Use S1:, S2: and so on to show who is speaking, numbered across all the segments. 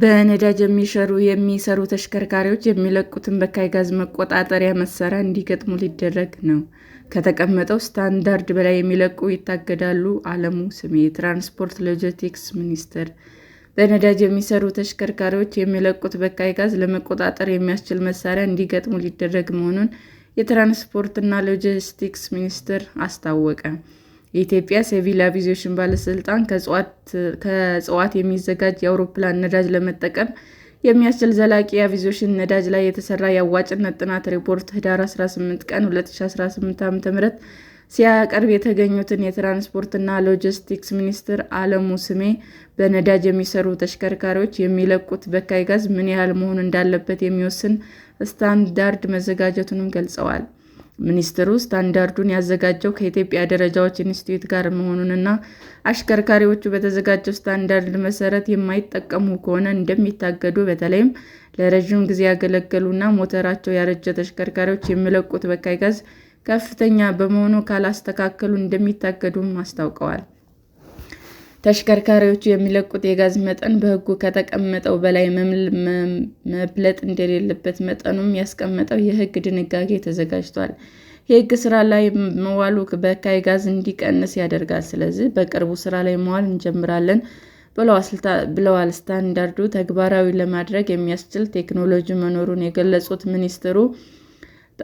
S1: በነዳጅ የሚሸሩ የሚሰሩ ተሽከርካሪዎች የሚለቁትን በካይ ጋዝ መቆጣጠሪያ መሳሪያ እንዲገጥሙ ሊደረግ ነው። ከተቀመጠው ስታንዳርድ በላይ የሚለቁ ይታገዳሉ። አለሙ ስሜ የትራንስፖርት ሎጂስቲክስ ሚኒስትር በነዳጅ የሚሰሩ ተሽከርካሪዎች የሚለቁት በካይ ጋዝ ለመቆጣጠር የሚያስችል መሳሪያ እንዲገጥሙ ሊደረግ መሆኑን የትራንስፖርትና ሎጂስቲክስ ሚኒስትር አስታወቀ። የኢትዮጵያ ሲቪል አቪዬሽን ባለስልጣን ከእጽዋት የሚዘጋጅ የአውሮፕላን ነዳጅ ለመጠቀም የሚያስችል ዘላቂ የአቪዬሽን ነዳጅ ላይ የተሰራ የአዋጭነት ጥናት ሪፖርት ህዳር 18 ቀን 2018 ዓ.ም ሲያቀርብ የተገኙትን የትራንስፖርትና ሎጂስቲክስ ሚኒስትር አለሙ ስሜ በነዳጅ የሚሰሩ ተሽከርካሪዎች የሚለቁት በካይ ጋዝ ምን ያህል መሆን እንዳለበት የሚወስን ስታንዳርድ መዘጋጀቱንም ገልጸዋል። ሚኒስትሩ ስታንዳርዱን ያዘጋጀው ከኢትዮጵያ ደረጃዎች ኢንስቲትዩት ጋር መሆኑንና አሽከርካሪዎቹ በተዘጋጀው ስታንዳርድ መሰረት የማይጠቀሙ ከሆነ እንደሚታገዱ በተለይም ለረዥም ጊዜ ያገለገሉና ሞተራቸው ያረጀ ተሽከርካሪዎች የሚለቁት በካይ ጋዝ ከፍተኛ በመሆኑ ካላስተካከሉ እንደሚታገዱም አስታውቀዋል። ተሽከርካሪዎቹ የሚለቁት የጋዝ መጠን በሕጉ ከተቀመጠው በላይ መብለጥ እንደሌለበት መጠኑም ያስቀመጠው የሕግ ድንጋጌ ተዘጋጅቷል። የሕግ ስራ ላይ መዋሉ በካይ ጋዝ እንዲቀንስ ያደርጋል። ስለዚህ በቅርቡ ስራ ላይ መዋል እንጀምራለን ብለዋል። ስታንዳርዱ ተግባራዊ ለማድረግ የሚያስችል ቴክኖሎጂ መኖሩን የገለጹት ሚኒስትሩ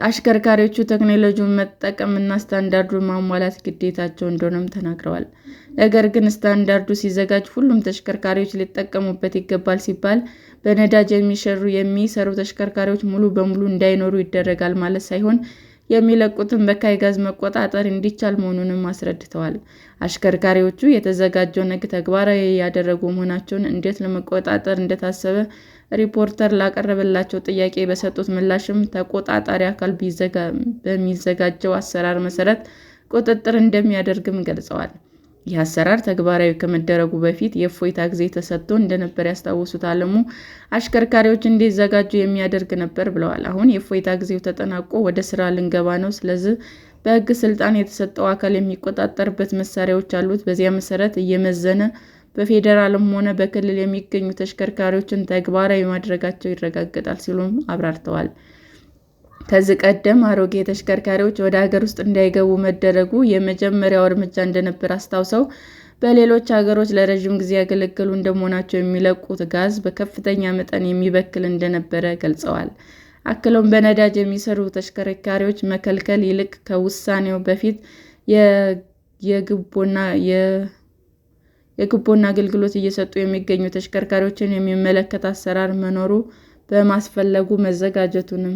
S1: አሽከርካሪዎቹ ቴክኖሎጂውን መጠቀምና ስታንዳርዱን ማሟላት ግዴታቸው እንደሆነም ተናግረዋል። ነገር ግን ስታንዳርዱ ሲዘጋጅ ሁሉም ተሽከርካሪዎች ሊጠቀሙበት ይገባል ሲባል በነዳጅ የሚሰሩ ተሽከርካሪዎች ሙሉ በሙሉ እንዳይኖሩ ይደረጋል ማለት ሳይሆን የሚለቁትን በካይ ጋዝ መቆጣጠር እንዲቻል መሆኑንም አስረድተዋል። አሽከርካሪዎቹ የተዘጋጀውን ሕግ ተግባራዊ እያደረጉ መሆናቸውን እንዴት ለመቆጣጠር እንደታሰበ ሪፖርተር ላቀረበላቸው ጥያቄ በሰጡት ምላሽም ተቆጣጣሪ አካል በሚዘጋጀው አሰራር መሰረት ቁጥጥር እንደሚያደርግም ገልጸዋል። ይህ አሰራር ተግባራዊ ከመደረጉ በፊት የእፎይታ ጊዜ ተሰጥቶ እንደነበር ያስታወሱት አለሙ አሽከርካሪዎች እንዲዘጋጁ የሚያደርግ ነበር ብለዋል። አሁን የእፎይታ ጊዜው ተጠናቆ ወደ ስራ ልንገባ ነው። ስለዚህ በህግ ስልጣን የተሰጠው አካል የሚቆጣጠርበት መሳሪያዎች አሉት። በዚያ መሰረት እየመዘነ በፌዴራልም ሆነ በክልል የሚገኙ ተሽከርካሪዎችን ተግባራዊ ማድረጋቸው ይረጋገጣል ሲሉም አብራርተዋል። ከዚህ ቀደም አሮጌ ተሽከርካሪዎች ወደ ሀገር ውስጥ እንዳይገቡ መደረጉ የመጀመሪያው እርምጃ እንደነበር አስታውሰው፣ በሌሎች ሀገሮች ለረዥም ጊዜ ያገለገሉ እንደመሆናቸው የሚለቁት ጋዝ በከፍተኛ መጠን የሚበክል እንደነበረ ገልጸዋል። አክለውም በነዳጅ የሚሰሩ ተሽከርካሪዎች መከልከል ይልቅ ከውሳኔው በፊት የግቦና አገልግሎት እየሰጡ የሚገኙ ተሽከርካሪዎችን የሚመለከት አሰራር መኖሩ በማስፈለጉ መዘጋጀቱንም